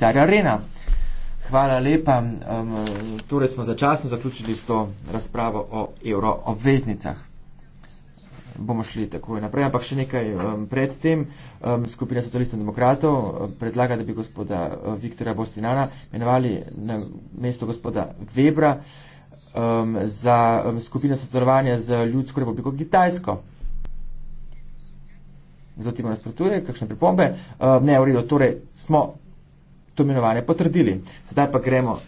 Car Arena. Hvala lepa. Um, torej smo začasno zaključili s to razpravo o euroobveznicah. Bomo šli takoj naprej, ampak še nekaj um, predtem. Um, skupina socialistov in demokratov predlaga, da bi gospoda Viktora Bostinana imenovali na mesto gospoda Webra um, za um, skupino sodelovanja z Ljudsko republiko Kitajsko. Zato ti bo nasprotuje, kakšne pripombe. Um, ne, v redu, torej smo to imenovanje potrdili. Sedaj pa gremo